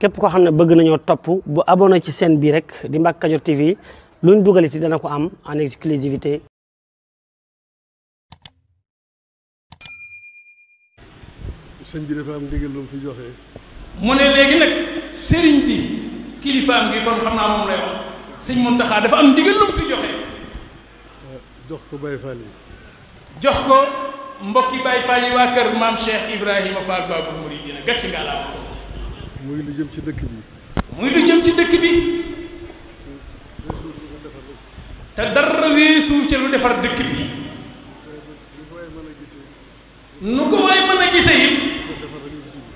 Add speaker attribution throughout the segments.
Speaker 1: képp koo xam ne bëgg nañoo topp bu abonné ci seen bii rek di Mbacke Kadior TV luñ dugal ci dana ko am en exclusivité sëñ bi dafa am ndigal fi joxe. mu ne léegi nag sëriñ bi kilifaam gi kon xam naa moom lay wax sëñ Mountakha dafa am ndigal fi joxe. jox ko Baye Fall yi. jox ko mbokki Baye Fall yi waa kër maam Cheikh Ibrahima Fall Babou Mouridina gàcce ngalaa muy lu jëm ci dëkk bi. muy lu jëm ci dëkk bi. te dara weesu ci lu defar dëkk bi. nu ko waay mën a gisee it.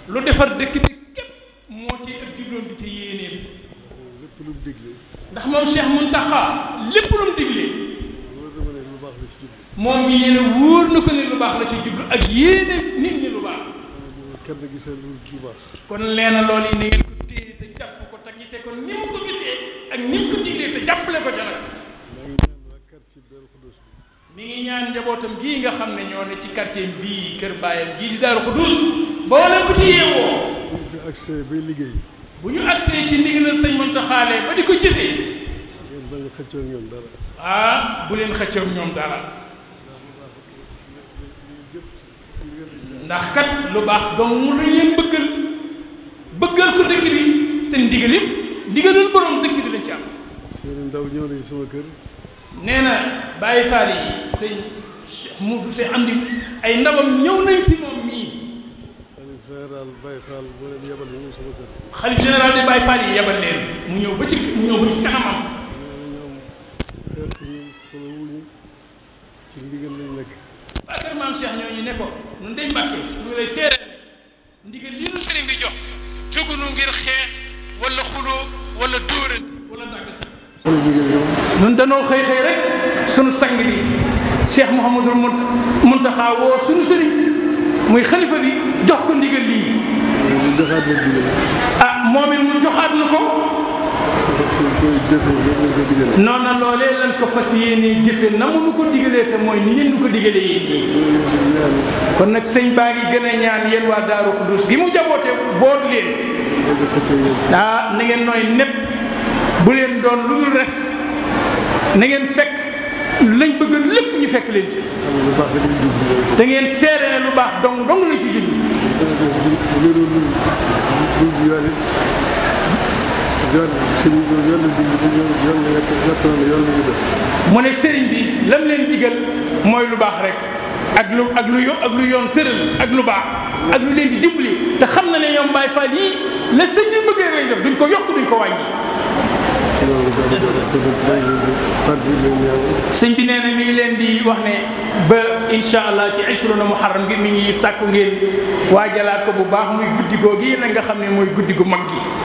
Speaker 2: lu defar dëkk
Speaker 1: bi képp moo ci ak jubloon di ci yéeneem. ndax moom Cheikh Mountakha lépp lu mu digle. moom yéene wóor na ko ne lu baax la ci jublu ak yéene nit ñi kenn gisee lu lu baax. kon leena loolu yi na ngeen ko téye te jàpp ko te gisee kon ni mu ko gisee ak ni mu ko diglee te jàppale ko ca nag. mi ngi ñaan njabootam gii nga xam ne ñoo ne ci quartier bii kër baayam gii di Daaru Xuduus boo leen ko ci yeewoo. bu ñu fi accès bay liggéey. bu ñu accès ci ndigal sëñ Muntaxa ba di ko jëfee. ngeen bañ a xëccoo ñoom dara. Ah bu leen xëccoo ñoom dara. ndax kat lu baax doomu lu leen bëggal bëggal ko dëkk bi te ndigal it ndigalul borom dëkk bi lañ ci am. seen ndaw ñëw nañ sama kër. nee na Baye Fall yi sëñ mu sëñ Amdi ay ndawam ñëw nañ fi moom mii. xalif général Baye Fall moo leen yebal ñu ñëw sama kër. xalif général de Baye Fall yi yebal leen mu ñëw ba ci mu ñëw ba ci kanamam. nee na ñoom fekk ñu xoolawuñu ci ndigal lañ maam Cheikh ñooñu ne ko nun dañ Mbàkke ñu lay séeréer ndigal li nu sëriñ bi jox jógunu ngir xeex wala xuloo wala dóorante wala dàgg sax nun danoo xëy xëy rek sunu sang bi Cheikh Mouhamadul Muntaxa woo sunu sëriñ muy xalifa bi jox ko ndigal lii ah moom it mu joxaat na ko noona loolee lan ko fas yéene jëfe na mu ko digalee te mooy ni ngeen nu ko digalee yéen kon nag sëñ baa ngi gën a ñaan yéen waa Daaru Xuduus bi mu jaboote boo leen ah na ngeen nooy népp bu leen doon lu dul res na ngeen fekk lañ bëgg lépp ñu fekk leen ci da ngeen seere ne lu baax dong dong la ci jublu yoon suñu yoon la dimbali mu ne sëriñ bi lam leen digal mooy lu baax rek ak lu ak lu yo ak yoon tëral ak lu baax ak lu leen di dimbali te xam na ne ñoom Baay yi yii la sëñ bi bëggee rek ko yokk duñ bi nee na mi leen di wax ne ba incha allah ci ashruna muharram gi mi ngi sàkku ngeen waajalaat ko bu baax muy guddi googu yi na nga xam ne mooy guddi gu mag gi.